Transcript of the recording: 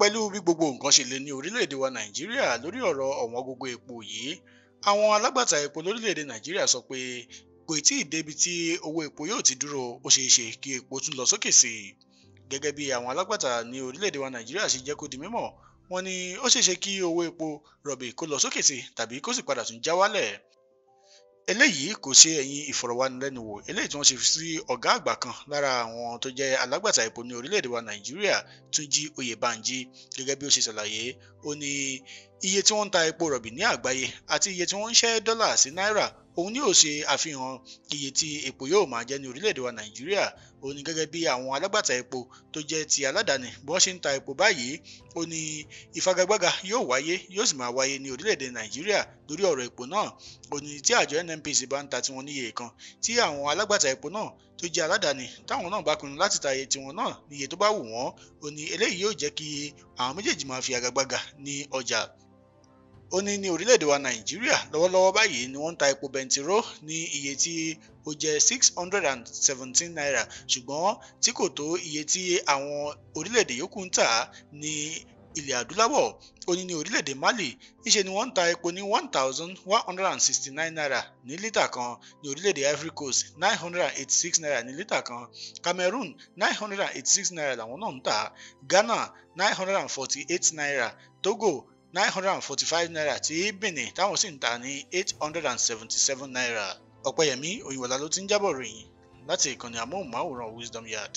pẹ̀lú bí gbogbo nǹkan ṣe lè ní orílẹ̀-èdè wa nàìjíríà lórí ọ̀rọ̀ ọ̀wọ́n gógó epo yìí àwọn alágbàtà epo lórílẹ̀-èdè nàìjíríà sọ pé kò tí ì débi tí owó epo yóò ti dúró ó ṣeé ṣe kí epo tún lọ sókè sí i gẹ́gẹ́ bí àwọn alágbàtà ní orílẹ̀-èdè wa nàìjíríà ṣe jẹ́ kó di mímọ̀ wọ́n ní ó ṣeé ṣe kí owó epo rọ̀bì kó lọ sókè sí tàbí kó sì padà tún já wálẹ̀ eléyìí kò ṣe ẹ̀yìn ìfọ̀rọ̀wánilẹ́nuwò eléyìí tí wọ́n ṣe sí ọ̀gá àgbà kan lára àwọn tó jẹ́ alágbàtà epo ní orílẹ̀-èdè wa nàìjíríà túnjí oyèbánjí gẹ́gẹ́ bí ó ṣe ṣàlàyé ó ní iye tí wọ́n ń ta epo rọ̀bì ní àgbáyé àti iye tí wọ́n ń ṣẹ́ dọ́là sí náírà òun ni yóò ṣe àfihàn iye tí epo yóò máa jẹ́ ní orílẹ̀-èdè wa nàìjíríà ó ní gẹ́gẹ́ bí àwọn alágbàtà epo tó jẹ́ ti aládàáni bí wọ́n ṣe ń ta epo báyìí ó ní ìfagagbága yóò wáyé yóò sì máa wáyé ní orílẹ̀-èdè nàìjíríà lórí ọ̀rọ̀ epo náà ó ní tí àjọ nnpc bá ń ta tiwọn níye kan tí àwọn alágbàtà epo náà tó jẹ́ aládàáni táwọn náà bá pinnu láti ta iye tiwọn náà níye tó bá wù wọ́n ó ní eléyìí yóò jẹ́ kí àwọn méjèèjì máa fi àgàgbàgà ní ọjà ó ní ní orílẹ̀-èdè wa nàìjíríà lọ́wọ́lọ́wọ́ báyìí ni wọ́n ń ta epo bẹntiró ní iye tí ó jẹ́ six hundred and seventeen naira ṣùgbọ́n tí kò tó iye tí àwọn orílẹ̀-èdè yòókù ń tà ní ilẹ̀ adúláwọ̀ ó ní ní orílẹ̀-èdè mali níṣe ni wọ́n ń ta epo ní one thousand one hundred and sixty nine naira ní lítà kan ní orílẹ̀-èdè ivory coast nine hundred and eighty six naira ní lítà kan cameroon nine hundred and eighty six naira làwọn náà ń tà ghana nine hundred and forty eight naira togo nine hundred and forty-five naira tí Benin táwọn sì ń tà ní eight hundred and seventy-seven naira ọ̀pẹ̀yẹmí òyìnbọ̀lá ló ti ń jábọ̀ ròyìn láti ìkànnì àmóhùnmáwòrán Wisdom Yard.